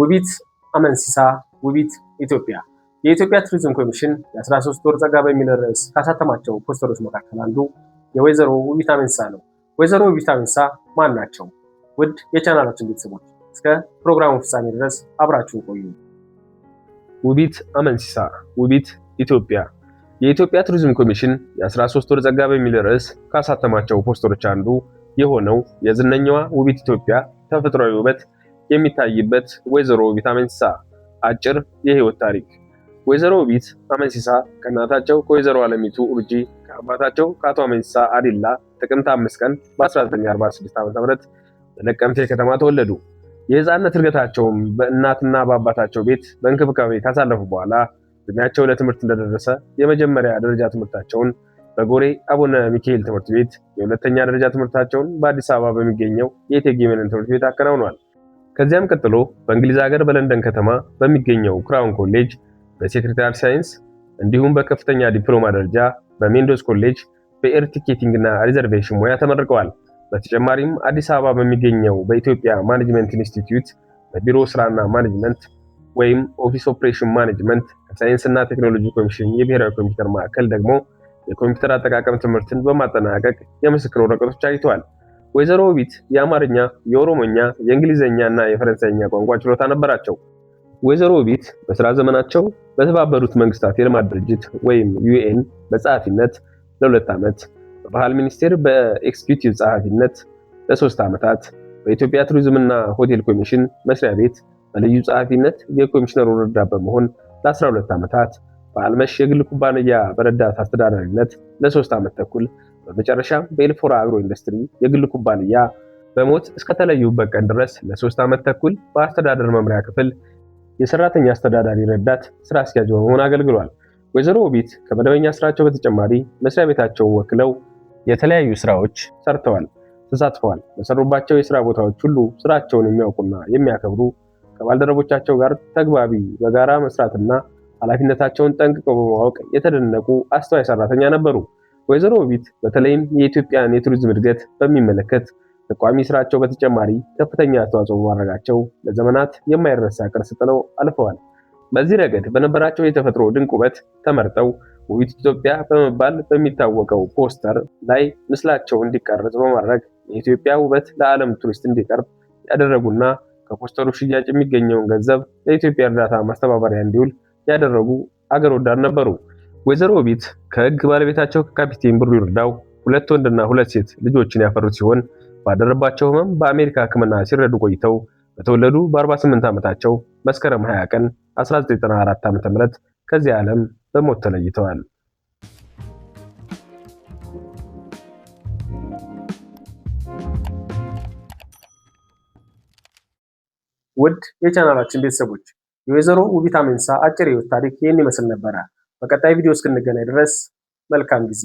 ውቢት አመንሲሳ ውቢት ኢትዮጵያ የኢትዮጵያ ቱሪዝም ኮሚሽን የ13 ወር ጸጋ በሚል ርዕስ ካሳተማቸው ፖስተሮች መካከል አንዱ የወይዘሮ ውቢት አመንሲሳ ነው። ወይዘሮ ውቢት አመንሲሳ ማን ናቸው? ውድ የቻናላችን ቤተሰቦች እስከ ፕሮግራሙ ፍጻሜ ድረስ አብራችሁን ቆዩ። ውቢት አመንሲሳ ውቢት ኢትዮጵያ የኢትዮጵያ ቱሪዝም ኮሚሽን የ13 ወር ጸጋ በሚል ርዕስ ካሳተማቸው ፖስተሮች አንዱ የሆነው የዝነኛዋ ውቢት ኢትዮጵያ ተፈጥሯዊ ውበት የሚታይበት ወይዘሮ ውቢት አመንሲሳ አጭር የህይወት ታሪክ። ወይዘሮ ውቢት አመንሲሳ ከእናታቸው ከወይዘሮ አለሚቱ ኡርጂ ከአባታቸው ከአቶ አመንሲሳ አዲላ ጥቅምት 5 ቀን በ1946 ም በነቀምቴ ከተማ ተወለዱ። የህፃነት እድገታቸውም በእናትና በአባታቸው ቤት በእንክብካቤ ካሳለፉ በኋላ እድሜያቸው ለትምህርት እንደደረሰ የመጀመሪያ ደረጃ ትምህርታቸውን በጎሬ አቡነ ሚካኤል ትምህርት ቤት፣ የሁለተኛ ደረጃ ትምህርታቸውን በአዲስ አበባ በሚገኘው የእቴጌ መነን ትምህርት ቤት አከናውኗል። ከዚያም ቀጥሎ በእንግሊዝ ሀገር በለንደን ከተማ በሚገኘው ክራውን ኮሌጅ በሴክሬታሪ ሳይንስ እንዲሁም በከፍተኛ ዲፕሎማ ደረጃ በሜንዶስ ኮሌጅ በኤር ቲኬቲንግ እና ሪዘርቬሽን ሙያ ተመርቀዋል። በተጨማሪም አዲስ አበባ በሚገኘው በኢትዮጵያ ማኔጅመንት ኢንስቲትዩት በቢሮ ስራና ማኔጅመንት ወይም ኦፊስ ኦፕሬሽን ማኔጅመንት ከሳይንስና ቴክኖሎጂ ኮሚሽን የብሔራዊ ኮምፒውተር ማዕከል ደግሞ የኮምፒውተር አጠቃቀም ትምህርትን በማጠናቀቅ የምስክር ወረቀቶች አይተዋል። ወይዘሮ ውቢት የአማርኛ፣ የኦሮሞኛ፣ የእንግሊዝኛ እና የፈረንሳይኛ ቋንቋ ችሎታ ነበራቸው። ወይዘሮ ውቢት በስራ ዘመናቸው በተባበሩት መንግስታት የልማት ድርጅት ወይም ዩኤን በጸሐፊነት ለሁለት ዓመት፣ በባህል ሚኒስቴር በኤክስኪዩቲቭ ጸሐፊነት ለሶስት ዓመታት፣ በኢትዮጵያ ቱሪዝምና ሆቴል ኮሚሽን መስሪያ ቤት በልዩ ጸሐፊነት የኮሚሽነሩ ረዳት በመሆን ለ12 ዓመታት፣ በአልመሽ የግል ኩባንያ በረዳት አስተዳዳሪነት ለሶስት ዓመት ተኩል በመጨረሻም በኤልፎራ አግሮ ኢንዱስትሪ የግል ኩባንያ በሞት እስከተለዩበት ቀን ድረስ ለሶስት ዓመት ተኩል በአስተዳደር መምሪያ ክፍል የሰራተኛ አስተዳዳሪ ረዳት ስራ አስኪያጅ በመሆን አገልግሏል። ወይዘሮ ውቢት ከመደበኛ ስራቸው በተጨማሪ መስሪያ ቤታቸውን ወክለው የተለያዩ ስራዎች ሰርተዋል፣ ተሳትፈዋል። በሰሩባቸው የስራ ቦታዎች ሁሉ ስራቸውን የሚያውቁና የሚያከብሩ ከባልደረቦቻቸው ጋር ተግባቢ፣ በጋራ መስራትና ኃላፊነታቸውን ጠንቅቀው በማወቅ የተደነቁ አስተዋይ ሰራተኛ ነበሩ። ወይዘሮ ውቢት በተለይም የኢትዮጵያን የቱሪዝም እድገት በሚመለከት ከቋሚ ስራቸው በተጨማሪ ከፍተኛ አስተዋጽኦ በማድረጋቸው ለዘመናት የማይረሳ ቅርስ ጥለው አልፈዋል። በዚህ ረገድ በነበራቸው የተፈጥሮ ድንቅ ውበት ተመርጠው ውቢት ኢትዮጵያ በመባል በሚታወቀው ፖስተር ላይ ምስላቸው እንዲቀረጽ በማድረግ የኢትዮጵያ ውበት ለዓለም ቱሪስት እንዲቀርብ ያደረጉና ከፖስተሩ ሽያጭ የሚገኘውን ገንዘብ ለኢትዮጵያ እርዳታ ማስተባበሪያ እንዲውል ያደረጉ አገር ወዳድ ነበሩ። ወይዘሮ ውቢት ከህግ ባለቤታቸው ከካፒቴን ብሩ ይርዳው ሁለት ወንድና ሁለት ሴት ልጆችን ያፈሩት ሲሆን ባደረባቸው ህመም በአሜሪካ ህክምና ሲረዱ ቆይተው በተወለዱ በ48 ዓመታቸው መስከረም 20 ቀን 1994 ዓ ም ከዚህ ዓለም በሞት ተለይተዋል። ውድ የቻናላችን ቤተሰቦች የወይዘሮ ውቢት አሜንሳ አጭር ህይወት ታሪክ ይህን ይመስል ነበረ። በቀጣይ ቪዲዮ እስክንገናኝ ድረስ መልካም ጊዜ